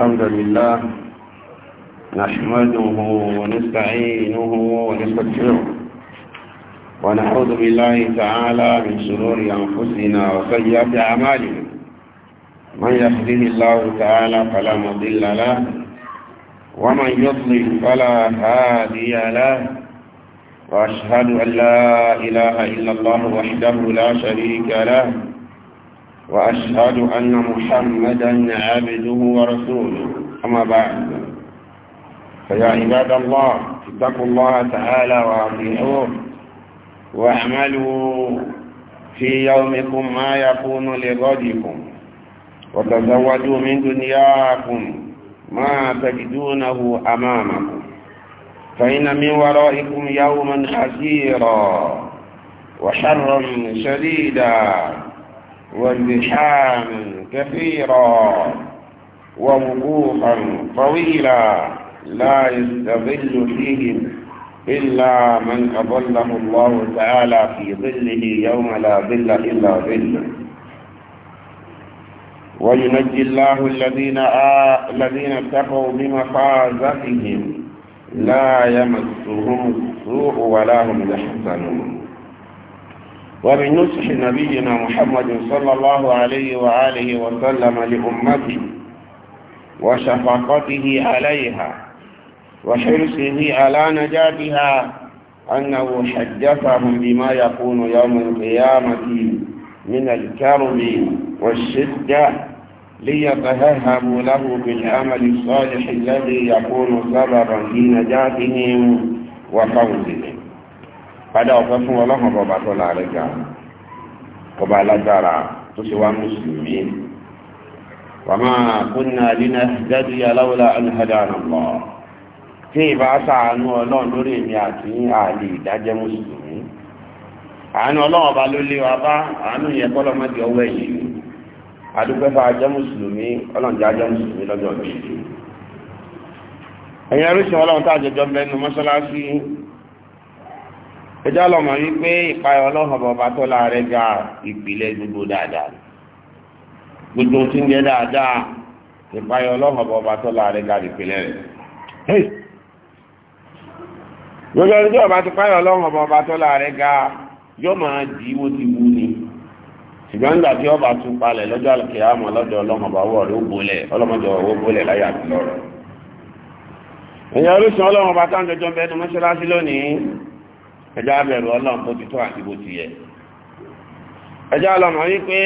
الحمد لله نحمده ونستعينه ونستغفره ونعوذ بالله تعالى من شرور أنفسنا وسيئات أعمالنا من يهده الله تعالى فلا مضل له ومن يضلل فلا هادي له وأشهد أن لا إله إلا الله وحده لا شريك له وأشهد أن محمدا عبده ورسوله أما بعد فيا عباد الله اتقوا الله تعالى وأطيعوه واعملوا في يومكم ما يكون لغدكم وتزودوا من دنياكم ما تجدونه أمامكم فإن من ورائكم يوما حسيرا وشرا شديدا وازدحاما كثيرا ووقوفا طويلا لا يستظل فيهم إلا من أظله الله تعالى في ظله يوم لا ظل إلا ظله وينجي الله الذين آه الذين اتقوا بمفازتهم لا يمسهم السوء ولا هم يحزنون ومن نصح نبينا محمد صلى الله عليه وآله وسلم لأمته وشفقته عليها وحرصه على نجاتها أنه حدثهم بما يكون يوم القيامة من الكرب والشدة ليتهذبوا له بالعمل الصالح الذي يكون سببا في نجاتهم وفوزهم padà ọ̀fẹ́ fún ọlọ́run bọba tó láàrin ga ọba alágbára tó ṣe wá mùsùlùmí wà máa kúnna lína jáde aláwọlá alhada nàlọ tí ìbá sàánú ọlọ́run lórí èmi àti àlè ìdájẹ́ mùsùlùmí àánú ọlọ́run ọba ló lé wa bá àánú yẹn kọ́lọ́ ọwọ́ ẹ̀yìn adúgbẹ́fà mùsùlùmí ọlọ́run jẹ́ ajẹ́ mùsùlùmí lọ́jọ́ bíi ẹ̀yìn arúṣin ọlọ́run àjọjọ́ ẹjọ́ lọ́mọ wípé ìpayọ̀ ọlọ́run ọba tọ́lá rẹ ga ìpìlẹ̀ gbogbo dáadáa gbogbo tí ń jẹ́ dáadáa ìpayọ̀ ọlọ́run ọba tọ́lá rẹ ga ìpìlẹ̀ rẹ̀ gbogbo ẹni tí ọba ti payọ̀ ọlọ́run bọ̀bá tó láàrẹ ga yóò máa di iwo ti wú ni ṣùgbọ́n nígbà tí ọba tún palẹ̀ lọ́jọ́ àlùkẹ́ àmọ́ lọ́dọ̀ ọlọ́run ọba wọ̀ ló bolẹ̀ ọlọ́mọdé ẹjọ́ abẹ̀rù ọlọ́run bó ti tọ́ àti bó ti yẹ ẹjọ́ ọlọ́run pé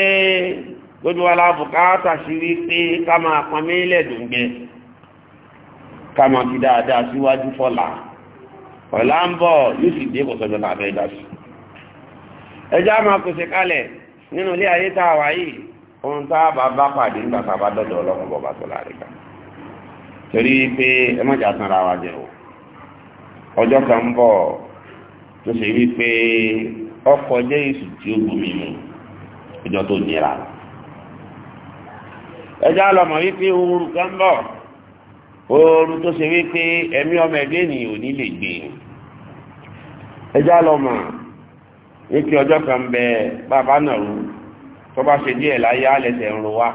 gbogbo wa la sí wípé ká máa pọn mílẹ̀ dùngbẹ ká máa fi dáadáa síwájú fọlá ọ̀la ń bọ̀ yóò sì dé kò sọ́jọ́ láàbẹ̀ ìdá sí ẹjọ́ kalẹ̀ nínú ilé ayé tá a wà yìí ohun tá a bá bá tó ṣe wípé ọkọ̀ jẹ́ èsù tí ó gbomi mu ìjọ tó nira ẹjá lọmọ wípé ooru kan bọ̀ ooru tó ṣe wípé ẹ̀mí ọmọ ẹgbẹ́ ènìyàn ò ní lè gbé ẹjá lọmọ wípé ọjọ́ kan bẹ bàbá nàró tó bá ṣe díẹ̀ láyé alẹ́sẹ̀ ń ro wá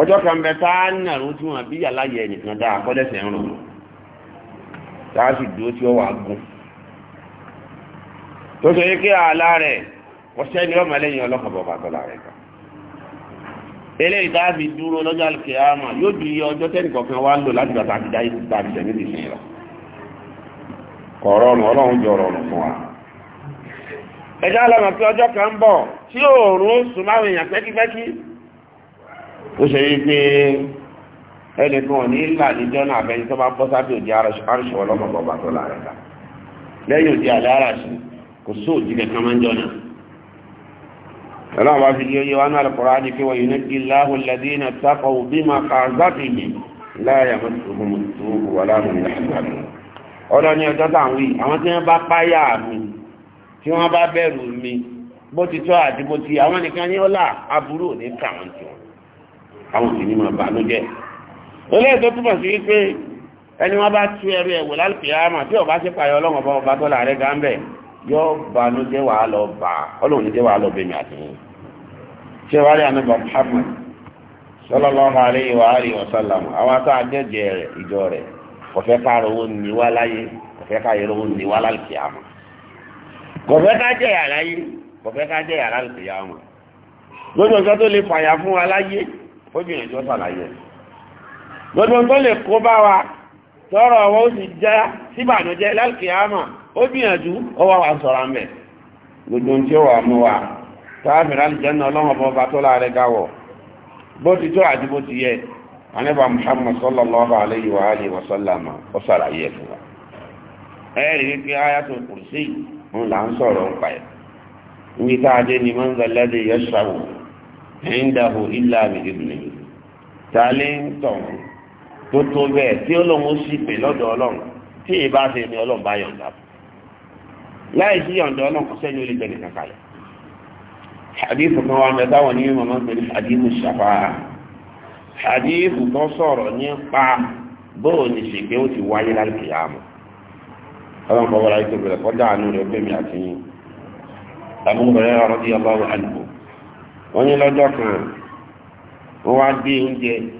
ọjọ́ kan bẹ tá a nàró tí wọ́n bí yàrá yẹ nìkan dáa kọ́lẹ́sẹ̀ ń ro tá a sì dúró tí ó wà gùn tó ṣe kí àlá rẹ̀ ọṣẹ́ ni ọmọ ẹlẹ́yìn ọlọ́kàn bọ̀ bàtọ́ la rẹ̀ kan eléyìí tá a fi dúró lọ́jọ́ àlùkìyámà yóò ju iye ọjọ́ tẹ́nìkọ̀kan wá ń lò láti bàtà àti dáyé ti tàbí tẹ̀lé ti sìn lọ kọ̀ọ̀rọ̀ ọ̀nà ọlọ́run jọ ọ̀rọ̀ ọ̀nà fún wa ẹjá lọ́mọ pé ọjọ́ kan ń bọ̀ tí òòrùn sùn máa wèèyàn pẹ́kípẹ́kí ó ṣe yí pé ẹnìkan ò ní ìlà níjọ́ náà abẹ́yìn tó bá bọ́ sábẹ́ òdi arṣọ ọlọ́mọ bọ̀ bàtọ́ la ká lẹ́yìn òdi àlẹ́ arṣọ kò sóòjì kankan máa ń jọ náà ọlọ́run bá fi di oyè wa náà lọ́kọ̀ọ́rọ́ á di pé wọ́n yìí ní kí láhùn lẹ́dínà tákọ̀ òbí máa kà á záàtì yìí láyà mọ́tòkùnmù tó wà láàrin ìlànà ọ̀dọ́ ní ọjọ́ tàwí àwọn tí wọ́n bá páyà mi tí wọ́n bá bẹ̀rù mi bó ti tọ́ àti bó ti àwọn nìkan ní ọlá aburú ní káwọn tí wọ́n àwọn sì ní máa bà ló jẹ́ olóòtú túbọ̀ sí wípé ẹni wọ́n bá tú ẹrú ẹ̀wò lálùpìyàmà yóò banújẹ́ wàá lọ bá ọlọ́run ní jẹ́ wàá lọ bẹ̀mí àtìyìn ṣé wàá rí anábà Muhammad sallallahu alaihi wa alihi wa sallam àwọn atá àjẹjẹ rẹ ìjọ rẹ kọfẹ ká rówó ní wá láyé kọfẹ ká yẹ rówó ní wá lálùkì àmọ́ kọfẹ ká yàrá yé kọfẹ ká yàrá lùkì àmọ́ lójú ọjọ́ tó lè fàyà fún wa láyé ó gbìyànjú ọsàn láyé lójú ọjọ́ tó lè kó bá wa tọ́rọ̀ ọwọ́ ó sì já síbànújẹ́ lálkìámà ó gbìyànjú ó wà wà sọ̀rọ̀ mẹ́ gbogbo tí ó wà mú wa táàfìrà alìjẹ́nà ọlọ́run ọba tó láàrẹ gáwọ̀ bó ti tó àti bó ti yẹ anẹ́bà Muhammad sallallahu ta lè ń tọ̀hún tó tó bẹ́ẹ̀ tí ọlọ́run sì pè lọ́dọ̀ ọlọ́run tí èyí bá ṣe ni ọlọ́run bá yọ̀ǹda láì sí yọ̀ǹda ọlọ́run kò sẹ́ni ó lè gbẹ̀lẹ̀ kankan lẹ̀ hadithu kan wà mẹ́ta wọn ní mọ̀mọ́ pẹ̀lú hadithu ṣàfà hadithu tó sọ̀rọ̀ nípa bóò ní ṣègbè ó ti wáyé láì kìyàmù ọlọ́run kọ́ wọlé ayélujára bẹ̀rẹ̀ kọ́ dáa nù rẹ̀ bẹ́mi àti yín àbúrò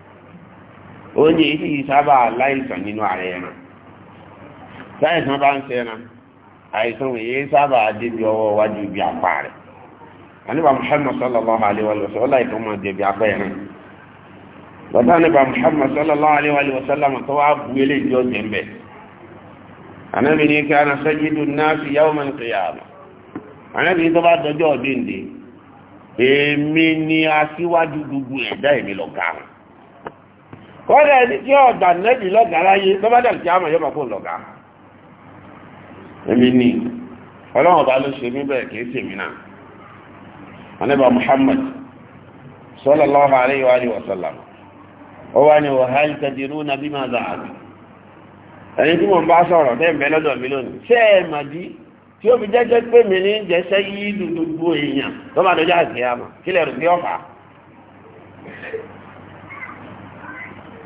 onye isi sì sábà láìsàn nínú ààrẹ ẹran táìsàn bá ń ṣe ẹran àìsàn èyí sábà débi ọwọ́ iwájú ibi àpá rẹ̀ aníbà Muhammad sallallahu alaihi wa sallam ọlá ìtọ́ máa débi àpá ẹran lọ́tà aníbà Muhammad sallallahu alaihi wa sallam tó wá bu eléjì ọ̀jẹ̀ ń bẹ̀ anábì ní kí ana sayyidu kọ́dà ẹni tí ọ̀dà nẹ́bì lọ́gà láyé lọ́bá dà kí á mọ̀ yọ́mà fún lọ́gà èmi ni ọlọ́run bá ló ṣe mí bẹ́ẹ̀ kìí sì mí náà anẹ́bà Muhammad sallallahu alayhi wa alihi wa sallam ó wá ní wa hal tadiruna bima za'at ẹni tí mo ń bá sọ̀rọ̀ tẹ́ ń bẹ lọ́dọ̀ mi lónìí ṣé ẹ mà dí tí ó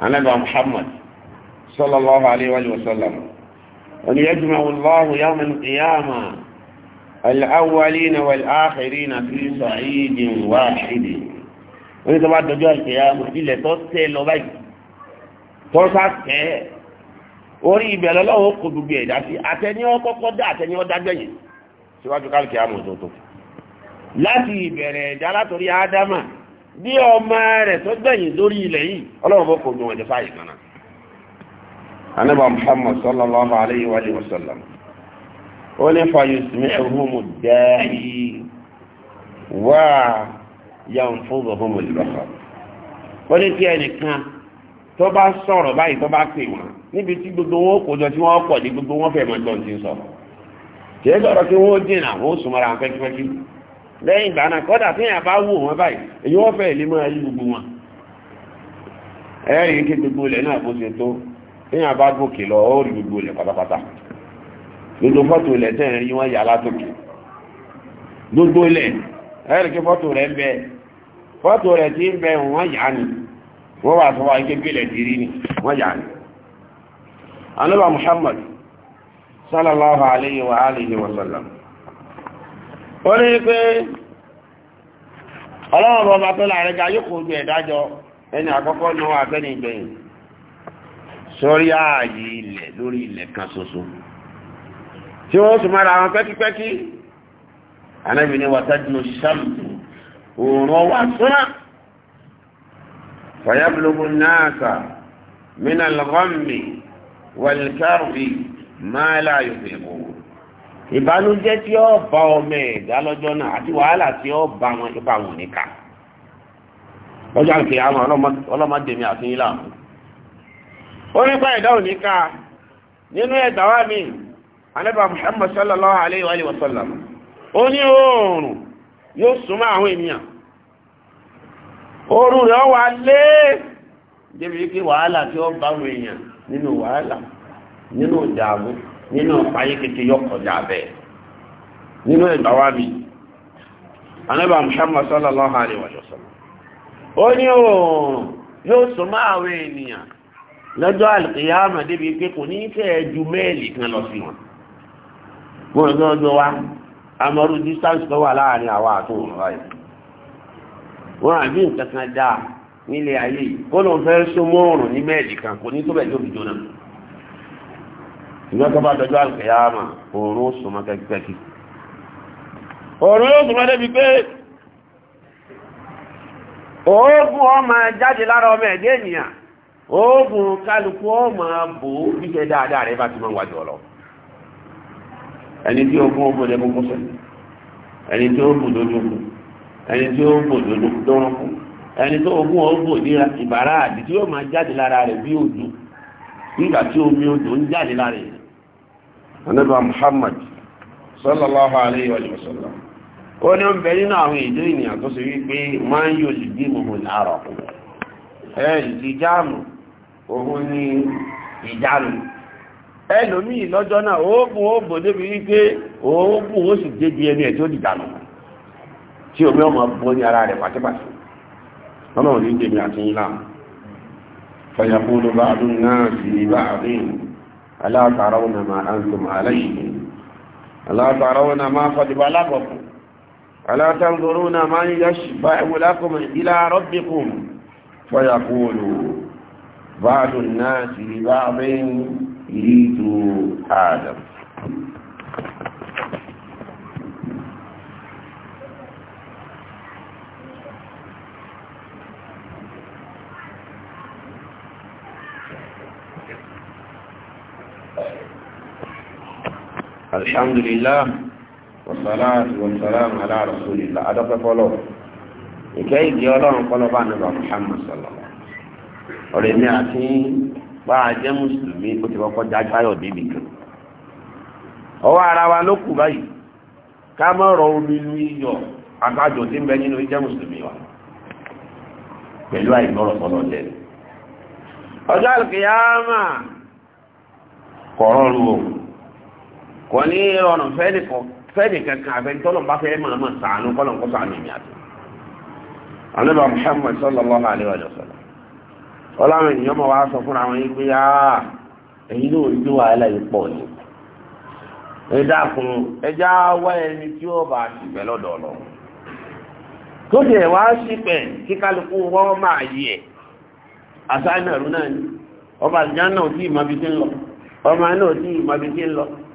anábà muhammad sallallahu alaihi wa sallam wani yajma allahu yawm al-qiyama al-awwalina wal-akhirina fi sa'idin wahid wani tó bá dojú al-qiyama ilẹ̀ tó tẹ́ lọ báyìí tó sá tẹ́ orí ibẹ̀ lọ́wọ́ kò gbogbo ẹ̀dá sí àtẹni ọkọ́kọ́ dá àtẹni ọdágbẹ̀yìn síwájú kálukì àmọ̀ tó tó láti ìbẹ̀rẹ̀ ẹ̀dá látòrí ádámà bí ọmọ rẹ̀ tó gbẹ̀yìn lórí ilẹ̀ yìí ọlọ́run bó kò gbọ́n ẹ̀jẹ̀ fáyé kan náà. anábà muhammad sallallahu alayhi wa sallam ó ní fàyè sinmi ẹ̀hún mu dẹ́ẹ̀hì wá yàn fún gbogbo mu lọ́kọ̀. ó ní tí ẹnìkan tó bá sọ̀rọ̀ báyìí tó bá pè wọ́n níbi tí gbogbo wọn kò jọ tí wọ́n pọ̀ ní gbogbo wọn fẹ́ mọ́ gbọ́n ti sọ̀rọ̀ lẹ́yìn ìgbà náà kọ́dà tí èyàn bá wù wọn báyìí èyí wọ́n fẹ́ ìlú máa gbogbo wọn ẹ̀rìn kí gbogbo ilẹ̀ náà kó tó èyàn bá gòkè lọ ó rí gbogbo ilẹ̀ pátápátá gbogbo fọ́tò ilẹ̀ rí wọ́n yà gbogbo ilẹ̀ ti ń bẹ wọ́n yà ni wọ́n wà fọwọ́ ilẹ̀ ti rí ni wọ́n Muhammad sallallahu alayhi wa alihi wa sallam ó ní pé ọlọ́run ọba tó láàrin ga yóò kó ojú ẹ̀dájọ́ ẹni àkọ́kọ́ náà àtẹ́ni ìgbẹ̀yìn sórí ààyè ilẹ̀ lórí ilẹ̀ kan ṣoṣo tí wọ́n tún mara àwọn pẹ́kípẹ́kí anábì ni wàtájúmọ̀ sàmù òòrùn ọwà ìbànújẹ́ tí ó bá ọmọ ẹ̀dá lọ́jọ́ náà àti wàhálà tí ó bá wọn ipa wọn níka lọ́jọ́ àǹkè àwọn ọlọ́mọdèmí àti yín láàmú ó nípa ẹ̀dá ò níka nínú ẹ̀dá wa mi anábà Muhammad sallallahu alayhi wa sallam ó ní oòrùn yóò súnmọ́ àwọn ènìyàn oòrùn rẹ̀ wà lé débi kí wàhálà tí ó bá wọn èèyàn nínú wàhálà nínú ìdààmú nínú ayé kékeré yọ kọjá bẹ́ẹ̀ nínú ẹ̀gbà wa mi anábà Muhammad sallallahu alaihi wa sallam ó ní oòrùn yóò sọ máa wé ènìyàn lọ́jọ́ alìkìyàmà débi pé kò ní fẹ́ ju mẹ́ẹ̀lì kan lọ sí wọn wọ́n ẹgbẹ́ ọjọ́ wa amọ́rú distance tó wà láàrin àwa àtúnwò ráyẹ̀ wọ́n àbí nǹkan kan dáa nílé ayé kó lóun fẹ́ sọ mọ́ ní mẹ́ẹ̀lì kan kò ní tó bẹ̀ tóbi jóná ìgbẹ́ tó bá dọjọ́ àlùkìyàmà òòrùn ó sùn mọ́ kẹ́kíkẹ́kí òòrùn ó sùn mọ́ débi pé oògùn ọmọ jáde lára ọmọ ẹ̀dẹ́ ènìyàn oògùn kálukú ọmọ bò ó bíṣẹ́ dáadáa rẹ̀ bá ti máa wájú ọlọ ẹni tí ó gún ogun lẹ́gbọ́n kọ́sẹ̀ ẹni tí ó bù lójúkù ẹni tí ó bù lórúkú ẹni tó ogún ogun ní ìbára àdì tí ó máa jáde lára rẹ̀ bí òjò nígbà tí omi odò ń jáde lára rẹ̀ anábà muhammad sallallahu alayhi wa sallam ni o n bẹ nínú awon èdè ènìyàn tó si wipe ma n yi lè bí mọ̀mọ̀ láàrọ̀ ẹ jaanu ohun ni ìjáàmù ẹlòmíì lọ́jọ́ náà oògùn oògùn débi wípé oògùn ó sì débi ẹni ẹ̀ tí emi dìjànù tí omi ọmọ bọ́ ní ara rẹ̀ pàtípàtí ọlọ́run ní tèmi àti ńlá fẹ̀yàkúlù bá àdúrà náà ألا ترون ما أنتم عليه ألا ترون ما قد بلغكم ألا تنظرون من يشفع لكم إلى ربكم فيقول بعض الناس لبعض يريد آدم alhamdulillah wasalaatu wasalaamu ala rasulillah adọ́pẹ́ fọlọ́ ìkẹ́ ìdí ọlọ́run kọlọ́bà nàbà muhammad sallallahu ọ̀rẹ́ mi àti bá a jẹ́ mùsùlùmí ó ti kọ́kọ́ já kan ara wa ló kù báyìí ká mọ̀ rọ omi lu iyọ̀ àgbájọ tí ń bẹ nínú ìjẹ́ mùsùlùmí wa pẹ̀lú àìgbọ́rọ̀ sọ́lọ́ ọjọ́ àlùkìyàmà lu òun kò ní rọrùn fẹ́ẹ̀dì kankan àfẹ́ni tọ́lọ̀ bá fẹ́ máa máa sàánú kọ́lọ̀ kó sàánú ìyá tó. àlébà Muhammad sallallahu alaihi wa sallam ọlọ́run ènìyàn mọ̀ wá sọ fúnra wọn yìí pé áá èyí ló ń jó wàhálà yìí pọ̀ ni. ẹ dákun ẹja wá ẹni tí ó bá ṣìpẹ̀ lọ́dọ̀ ọlọ́run. tó ṣe wá ṣìpẹ̀ kí kálukú wọ́n máa yí ẹ̀ àṣà náà náà ni ọba àjá náà tí ì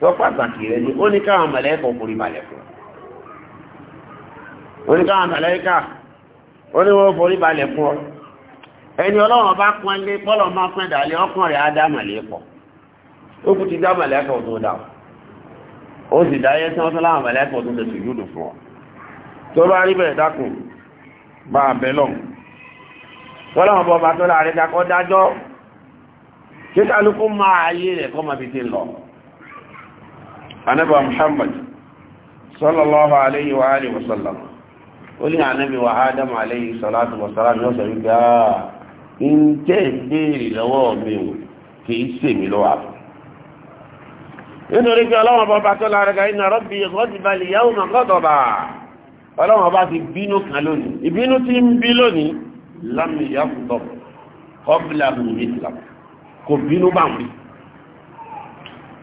tó pàtàkì rẹ̀ ni ó ní káwọn mẹ̀lẹ́kọ̀ kò rí balẹ̀ fún ó ní káwọn mẹ̀lẹ́kà ó ní wọ́n forí balẹ̀ fún ọ ẹni ọlọ́run bá pọ́n lé pọ́lọ̀ máa pẹ́ dàlẹ́ ọkùn rẹ̀ á dá mẹ̀lẹ́kọ̀ ó kú ti dá mẹ̀lẹ́kọ̀ tó dà ó sì dáyé tí wọ́n tó láwọn mẹ̀lẹ́kọ̀ tó tẹ̀sù yúdù fún ọ tó bá rí bẹ̀rẹ̀ dákùn bá bẹ́ lọ tọ́lọ́run bọ́ bá tó láàrin dákọ́ dájọ́ kí máa ayé rẹ̀ kọ́ máa fi ti lọ anábà muhammad sallallahu alayhi wa alihi wa sallam ó ní anábì wa adam alayhi salatu wa salam yóò sọ̀rọ̀ gbà ń tẹ́ ìbéèrè lọ́wọ́ mi ò kì í sèmi lọ́wọ́ àbọ̀ nínú orí pé ọlọ́wọ́n bọ́ bá lára ga iná rọ́bì ìgbọ́dìbalì yàwó ma gọ́dọ̀bà ọlọ́wọ́n bá ti bínú kan lónìí ìbínú tí ń bí lónìí lámìyàkùtọ̀ kọ́bílà mùmí ìsìlám kò bínú bá ń rí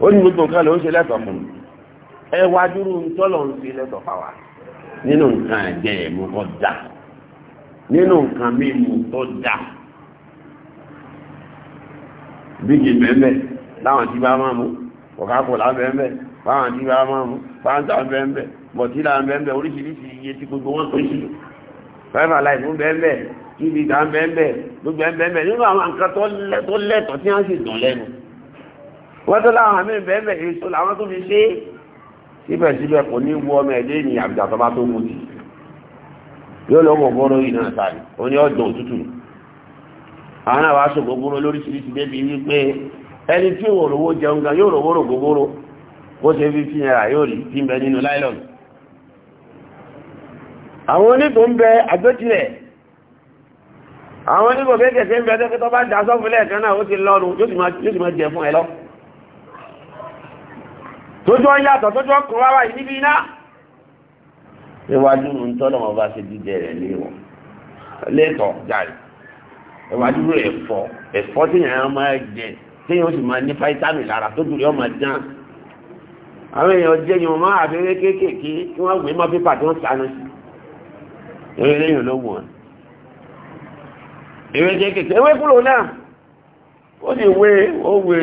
ó ní gbogbo nǹkan ló ń ṣe lẹ́tọ̀ọ́ fún mi ẹ wá dúró tọ́lọ̀ ń ṣe lẹ́tọ̀ọ́ fáwa nínú nǹkan ẹ̀jẹ̀ ẹ̀mú kọ́ da nínú nǹkan mímu tó da bíjì bẹ́ẹ̀ láwọn tí bá máa mú kòkákòlá bẹ́ẹ̀ báwọn tí bá máa mú fáńtà bẹ́ẹ̀ bọ̀tílà bẹ́ẹ̀ oríṣiríṣi iye tí gbogbo wọn tó ṣe fẹ́fà láì fún bẹ́ẹ̀ kíbi ìdá bẹ́ẹ̀ gbogbo ẹ̀ nínú àwọn nǹkan tó lẹ́tọ̀ọ́ tí wọ́n sì dùn lẹ́nu wọ́n tó láwọn àmì bẹ́ẹ̀bẹ̀ èso làwọn tó fi ṣe síbẹ̀síbẹ̀ kò ní wọ ọmọ ẹ̀dẹ́ ní àbìjà tó bá tó mú ti yóò lọ wọ̀ gbọ́rọ̀ yìí náà sáré ó ní ọ̀dọ̀ òtútù àwọn àwọn aṣọ gbogbo lóríṣiríṣi débi wípé ẹni tí ò rówó jẹun gan yóò rówó rògbòbóró bó ṣe fi fi ẹ̀rà yóò rí tí ń bẹ nínú láìlọ́n àwọn onítò ń bẹ àgbétilẹ̀ àwọn onígbò kéékèèké ń bẹ tẹ́kítọ́ bá dá sọ́fúnlẹ̀ kan náà ó ti lọ́rùn yóò sì máa jẹ fún ẹ tójọ́ yàtọ̀ tójọ́ kùn rárá yìí níbi iná ìwájú ń tọ́lọ̀ wọn bá ṣe jíjẹ rẹ̀ léwọ̀ lẹ́tọ̀ jáde ìwájú rẹ̀ ẹ̀fọ́ ẹ̀fọ́ tí yàrá máa jẹ tí yóò sì máa ní fáítámì lára tó dùn yóò máa dán àwọn èèyàn jẹ́ yóò máa abẹ́rẹ́ kéékèèké kí wọ́n gbé máa pépà tí wọ́n sànú sí eré lẹ́yìn ló wù wọn. eré kéékèèké ewé kúrò náà ó sì wé ó wé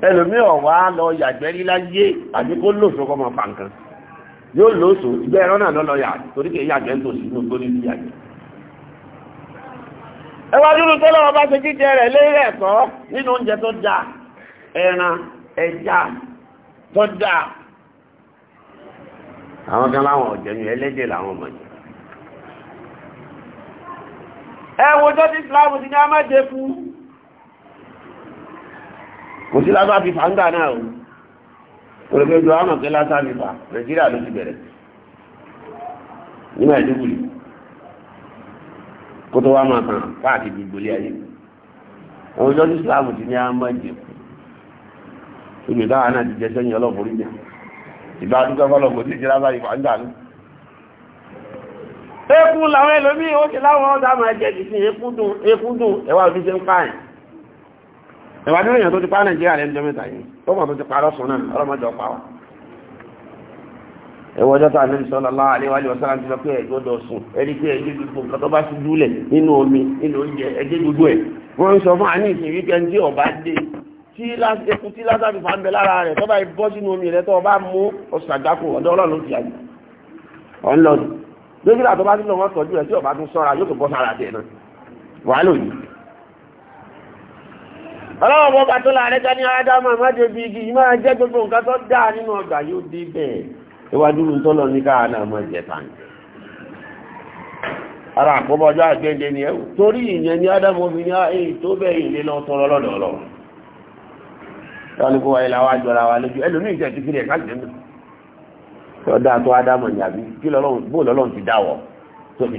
ẹlòmí ọ̀wá lọ yàgbẹ́rí láyé àbí kó lóṣù kọ́ mọ̀ yóò lóṣù ìgbẹ́ ẹ̀rọ náà lọ́lọ́ yà torí kì yàgbẹ́ ń tó ní yàgbẹ́. ẹwà dúró tó bá ṣe jíjẹ rẹ̀ lérè ẹ̀kọ́ nínú oúnjẹ tó ẹran ẹja tó àwọn kan láwọn kò sí lásán fífà ń gbà náà o olùkọ́ ìjọba àmọ̀ pé lásán fífà nàìjíríà ló ti bẹ̀rẹ̀ ní Maiduguri kó tó wá máa tàn káàkiri gbogbo ilé ayé àwọn ìjọ tí Islam ti ní àmọ́ ìjẹ̀kù ìgbè táwọn náà ti jẹ sẹ́yìn ọlọ́pùrí jẹ ìgbà àdúgbò ọlọ́pù tí ìjìlá bá ìfà ń gbà ní ẹkùn làwọn ẹlòmí ó ti láwọn ọdá máa jẹ jù sí ẹkùn ẹwà òfin ṣe ń pààyàn ẹ̀wà nínú èèyàn tó ti pa nàìjíríà lẹ́nu jẹ́ mẹ́ta yìí tó mọ̀ tó ti parọ́ sùn náà ọlọ́mọdé ọ̀pá wa ẹ̀wọ̀n ọjọ́ tó àlẹ́ sọ́lá láà aléwájú ọ̀sára ti lọ pé ẹ̀jọ́ dọ̀ sùn ẹni pé ẹ̀jẹ̀ gbogbo nǹkan tó bá ti dúlẹ̀ nínú omi nínú oúnjẹ ẹ̀jẹ̀ gbogbo ẹ̀ wọ́n ń sọ fún àní ìsìn wípé ẹni tí ọba dé tí eku tí lásàbí fà ń bẹ lára rẹ̀ tọ́ba bọ́ sínú omi rẹ̀ tọ́ba mú ọ̀sàgbákò ọ̀dọ́ ọlọ́run ti àjù ọ̀nlọ́dún lójú àtọ́ba tí lọ́wọ́ tọ́jú rẹ̀ tí ọba tún sọ́ra yóò tó bọ́ sára tẹ̀ náà wàá lòdì ọlọ́wọ́ bọ́ bá tó láàrẹ́ ká ní ádámà májò bí igi máa jẹ́ gbogbo nǹkan tó dáa nínú ọgbà yóò dé bẹ́ẹ̀ ìwájú ní tó lọ ní káà náà mọ́ ni ẹ̀wù torí ìyẹn ní ádámà omi ní ah, wa lójú ẹlòmíì jẹ́ tìkìrì ẹ̀ká jẹ́ náà tó dáa tó ádámà ní àbí kí lọ́lọ́run ti dáwọ̀ tó fi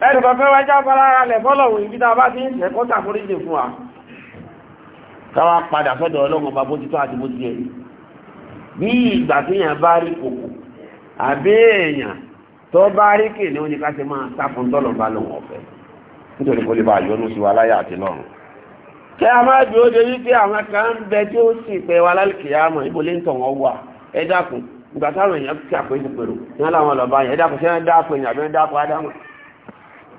ẹ̀rù kọ̀kọ́ wá jáfara ara lẹ̀ fọ́lọ̀wọ̀ ibi tá a bá ti ń ṣẹ̀kọ́ tàforíjì fún wa káwà padà sọ́dọ̀ ọlọ́run ọba bó ti tó àti bó ti yẹ bí ìgbà tí èèyàn bá rí kòkò àbí èèyàn tó bá rí kè ní oníká ti máa sáfún tọ́lọ̀ bá lòun ọ̀fẹ́ nítorí kó lè bá yọnu sí wa láyé àti lọ́run kí a máa bí ó de wípé àwọn kan ń èèyàn kí àpéjì pèrò ní wọn làwọn yẹn ẹ dákun ṣé èèyàn àbí ẹ dákun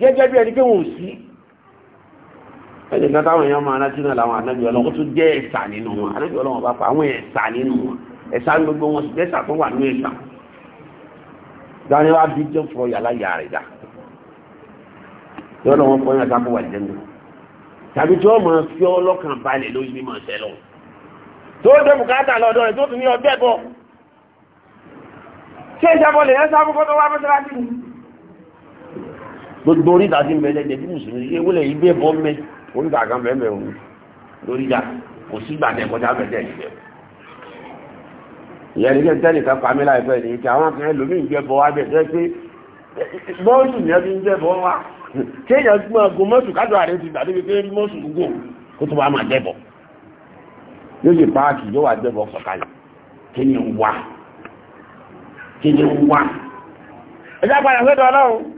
gẹ́gẹ́ bí ẹni pé wọ́n sí ẹ̀jẹ̀ kan èèyàn máa rántí náà láwọn ànábì ọlọ́run tó jẹ́ ẹ̀sà nínú wọn ànábì ọlọ́run bá pa àwọn ẹ̀sà nínú wọn ẹ̀sà gbogbo wọn sì jẹ́sà tó wà ní ẹ̀sà dáníwá bí jẹ́ fọ yàrá yà rẹ̀ dá yọ́nà wọn tó dé bùkátà lọ́dọ̀ gbogbo oríta ti ń bẹ lẹ́jẹ̀ bí mùsùlùmí ṣe wọlé yìí bẹ́ẹ̀ bọ́ mẹ́ oríta kan bẹ́ẹ̀ mẹ́ òun lórí ìjà kò sí ìgbà tẹ bẹ́ẹ̀ tẹ̀ níbẹ̀. ìyẹn ní nìkan pamí láìpẹ́ ní kí àwọn kan lómi ń jẹ́ bọ́ wá bẹ̀ tẹ́ pé bọ́ọ̀lù yẹn ti ń jẹ́ bọ́ wá kéèyàn gbọ́n ago mọ́sù kájọ àrẹ ti gbà débi pé mọ́sù gbogbo kó tó wàá máa jẹ́bọ̀ yóò ṣe páàkì yóò wá jẹ́bọ̀ sọ̀kalẹ̀ kéèyàn wá kéèyàn wá ẹ̀jẹ̀ àpàdà fẹ́ ọlọ́run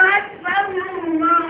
ọ̀rọ̀